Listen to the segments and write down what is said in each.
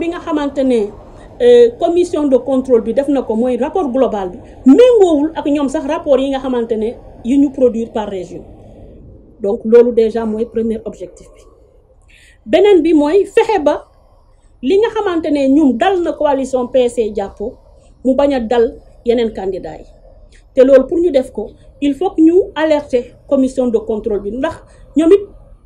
bi nga xamantene euh, commission de contrôle bi def na un rapport global bi méngoowul ak ñom sax rapport yi nga xamantene ñu produire par région donc lolu déjà moy premier objectif bi benen bi moy à ba li nga xamantene ñum dal na coalition PC e jàppo mu baña dal yenen candidat yi te pour ñu def ko il faut que ñu alerter commission de contrôle bi ndax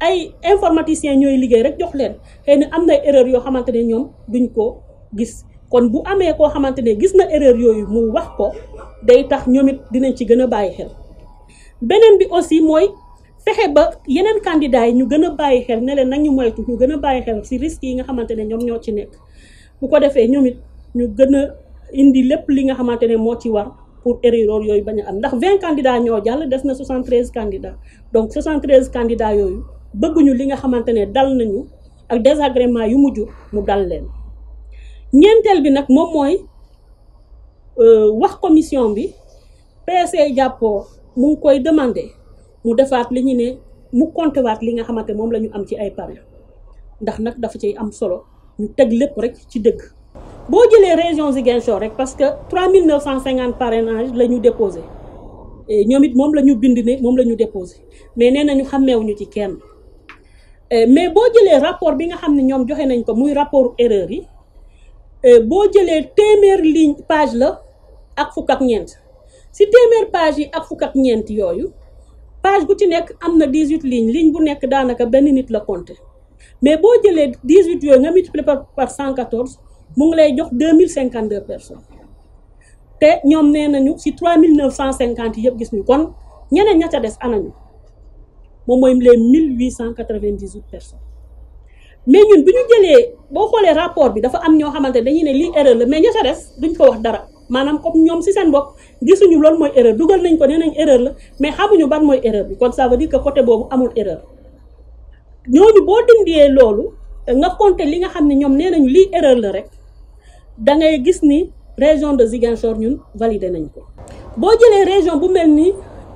ay informaticiens ñooy liggéey rek jox leen xëy am na erreur yoo xamante ne ñoom duñ ko gis kon bu amee koo xamante ne gis na erreur yooyu mu wax ko day tax ñoom it dinañ ci gën a bàyyi xel beneen bi aussi mooy fexe ba yeneen candidats yi ñu gën a bàyyi xel ne leen nag ñu moytu ñu gën a bàyyi xel si risques yi nga xamante ne ñoom ñoo ci nekk bu ko defee ñoom it ñu gën a indi lépp li nga xamante ne moo ci war pour erreur yooyu bañ am ndax 20 candidats ñoo jàll des na 73 candidats donc 73 candidats yooyu bëgguñu li nga xamante ne dal nañu ak désagrément yu mujj mu dal leen ñeenteel bi nag moom mooy euh, wax commission bi PC jàppoo mu ngi koy demandé mu defaat li ñu ne mu compté li nga xamante moom la ñu am ci ay parrain ndax nag dafa ci am solo ñu teg lépp rek ci dëgg. boo jëlee région Ziguinchor rek parce que 3950 parrainage la ñu déposé ñoom it moom la ñu bind ne moom la ñu déposé mais nee nañu xàmmeewuñu ci kenn. Eh, mais boo jëlee rapport bi nga xam ne ñoom joxe nañ ko muy rapport erreur yi eh, boo jëlee téeméer ligne page la ak fukk ak ñeent si téeméer page yi ak fukk ak ñeent yooyu page bu ci nekk am na 18 lignes ligne bu nekk daanaka benn nit la compté mais boo jëlee 18 yooyu nga multiplié par 114 mu ngi lay jox 2052 personnes te ñoom nee nañu si 3950 yëpp gis ñu kon ñeneen ña ca des anañu moom mooy leen mille huit cent quatre vingt dix huit personnes mais ñun bu ñu jëlee boo xoolee rapport bi dafa am ñoo xamante dañu ne lii erreur la mais ña ca des duñ ko wax dara maanaam comme ñoom si seen bopp gisuñu loolu mooy erreur dugal nañ ko nee nañ erreur la mais xamuñu ban mooy erreur bi kon ça veut dire que côté boobu amul erreur ñooñu boo dindiyee loolu nga compter li nga xam ne ñoom nee nañu lii erreur la rek da ngay gis ni région de Ziguinchor ñun validé nañ ko. boo jëlee région bu mel ni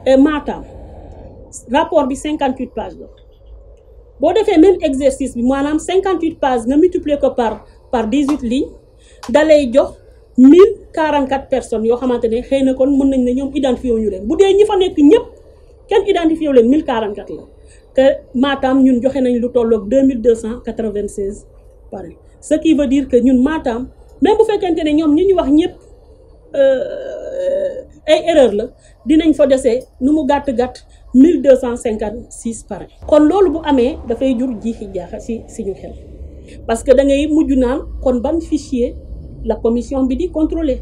eh, Matam. rapport de 58 pages. la fait, le même exercice 58 pages nga multiplier que par 18 lignes dalay 1044 personnes yo xamantene xeyna identifié wu ñu leen ñi fa identifié wu 1044 la te Matam ñun 2296 par ce qui veut dire que ñun Matam même bu fekkente ne ñom ñi ñu wax euh ay erreur la dinañ fa déssé nu mu 1256 par an kon loolu bu da fay jur jiixi jaaxa si suñu xel parce que da ngay muju nan kon ban fichier la commission bi di contrôler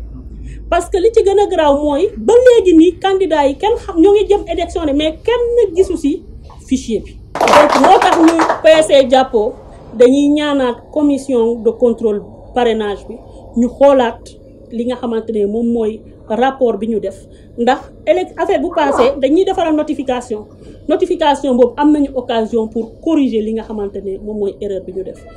parce que li ci gëna graw moy ba légui ni candidats yi kenn xam ñoo ngi jëm élection ne mais kenn gisu si fichier bi donc moo tax ñu PC e jàppoo dañuy ñaanat commission de contrôle parrainage bi ñu xolaat li nga xamantene mom moy rapport bi ñu def ndax affaire vous passé dañuy defaral notification notification bob amnañu occasion pour corriger li nga xamantene mom moy erreur bi ñu def